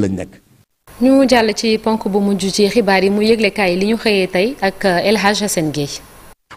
lañ ñu jàll ci ponk bu mujj ci xibaar yi mu yëglekaay li ñu xëyee tey ak El Hadj Hassane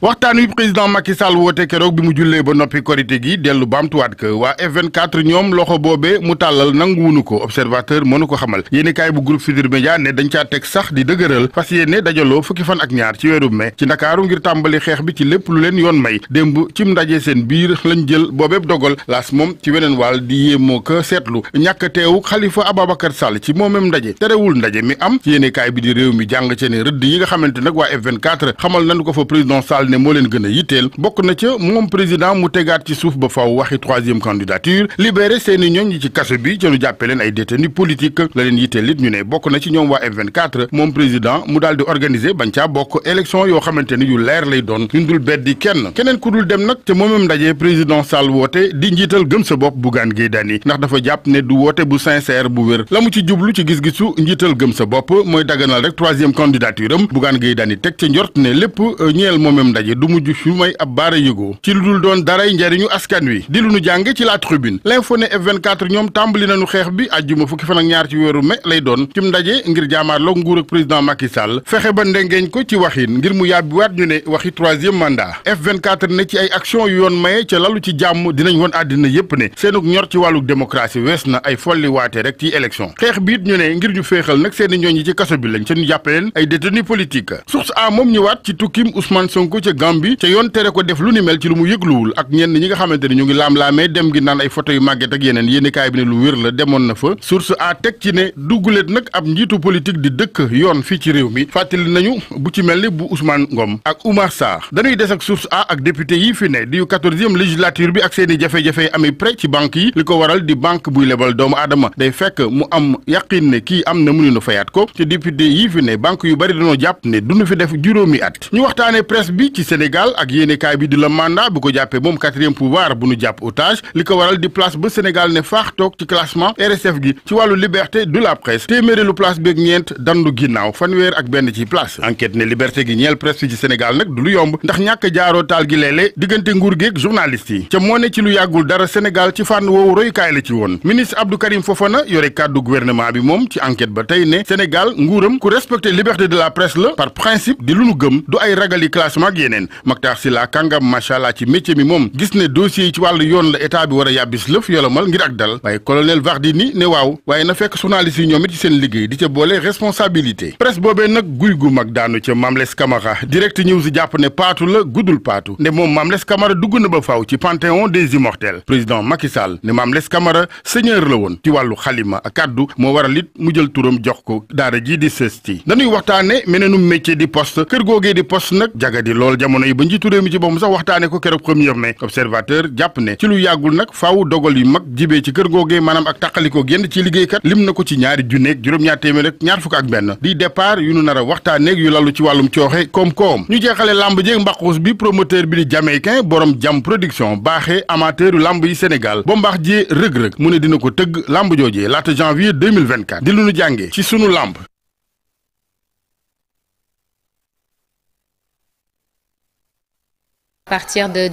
waxtaan wi président Macky Sall woote keroog bi mu jullee ba noppi korite gi dellu baamtuwaat que waa f ñoom loxo boobee mu tàllal nanguwunu ko observateur mënu ko xamal yéenekaay bu groupe Futurs Médias ne dañ caa teg sax di dëgëral fas yéene dajaloo fukki fan ak ñaar ci weeru mai ci ndakaaru ngir tàmbali xeex bi ci lépp lu leen yoon may démb cim ndaje seen biir lañ jël boobeeb dogal laas moom ci weneen wal di yéemoo ko seetlu ñàkk teewu Khalifa Ababacar Sall ci moomeem ndaje terewul ndaje mi am ci bi di réew mi jàng ci ne rëdd yi nga xamante nag waa F24 xamal nañu ko fa président Sall ne moo leen gën a yitteel bokk na ca moom président mu tegaat ci suuf ba faw waxi troisième candidature libéré seeni ñoom ñi ci kaso bi ca ñu jàppe leen ay détenus politique la leen yitteel ñu ne bokk na ci ñoom waa F24 moom président mu daal di organiser bañ caa bokk élection yoo xamante ni yu leer lay doon ñu dul beddi kenn keneen ku dul dem nag te moomam ndaje président Sall woote di njiital gëm sa bopp Bougane Gueye Dany ndax dafa jàpp ne du woote bu sincère bu la mu ci jublu ci gis-gisu njiital gëm sa bopp mooy daganal rek troisième candidature am Bougane Gueye Dany teg ca njort ne lépp euh, ñeel moomam ndaje du mujj su may ab baara yëgoo ci lu dul doon daray njariñu askan wi di lu nu jàng ci la tribune l'info ne F24 ñoom tàmbali nañu xeex bi àjjuma fukki fan ak ñaar ci weeru mai lay doon cim ndaje ngir jaamaarloog nguur ak président Macky fexe ba ndengeeñ ko ci waxin ngir mu yàbbiwaat ñu ne waxi troisième mandat F24 ne ci ay action yu yoon maye ca lalu ci jàmm dinañ woon àddina yépp ne seenuk ñor ci wàllu démocratie wees na ay folli waate rek ci élection xeex bi ñu ne ngir ñu féexal nag seeni ñooñ yi bi lañ ca ñu jàppaleen ko ca Gambie ca yoon tere ko def lu ni mel ci lu mu yëgluwul ak ñenn ñi nga xamante ni ñu ngi laam-laamee dem gi naan ay photo yu màgget ak yeneen yéenekaay bi ne lu wér la demoon na fa source a teg ci ne dugguleet nag ab njiitu politique di dëkk yoon fii ci réew mi fàttali nañu bu ci mel ni bu Ousmane Ngom ak Oumar sa dañuy des ak source a ak député yi fi ne di yu quatorzième législature bi ak seen i jafe-jafe amee prêt ci banque yi li ko waral di banque buy lebal doomu aadama day fekk mu am yaqin ne kii am na mënuñu fayaat ko ci député yi fi ne banque yu bari dañoo jàpp bi ci Sénégal ak yéenekaay bi di la mandat bu ko jàppee moom quatrième pouvoir bu nu jàpp otage li ko waral di place ba Sénégal ne faax toog ci classement RSF gi ci wàllu liberté de la presse téeméeri lu place beeg ñeent dandu ginnaaw fanweer ak benn ci place enquête ne liberté gi ñeel presse fi ci Sénégal nag du lu yomb ndax ñàkk jaaroo gi léeg-léeg diggante nguur geeg journaliste yi ca moo ne ci lu yàggul dara Sénégal ci fànn woowu royukaay la ci woon ministre Abdou Karim Fofana bi moom ci enquête ba tey ne de la presse la par ak yeneen Mactar Sylla kàngam macha allah ci métier mi moom gis ne dossier yi ci la a yàbbis na fekk journaliste yi ñoom it ci seen liggéey di la guddul paatu ne la woon ci wàllu xalima ak kàddu moo waral mu jël turam jox ko daara ji di sës ci dañuy waxtaane meneenu métier di poste kër googee di poste nag jaga di loolu jamono yi ba njiitu réew mi ci boppam lu yàggul nag faaw dogal yu mag jibee ci kër googee maanaam ak tàqalikoo génn ci ci ñaari junneeg juróom-ñaar téeméer ñaar fukk ak benn di départ yu nu nar a waxtaaneeg yu lalu ci wàllum cooxe koom-koom ñu jeexale lamb jéeg mbaqus bi promoteur bi di jamaïcain borom jam production baaxee amateur yu lamb yi Sénégal ba mbaax jee rëg-rëg mu ne dina ko tëgg lamb joojee laata janvier 2024 di lu nu jàngee ci sunu làmb partir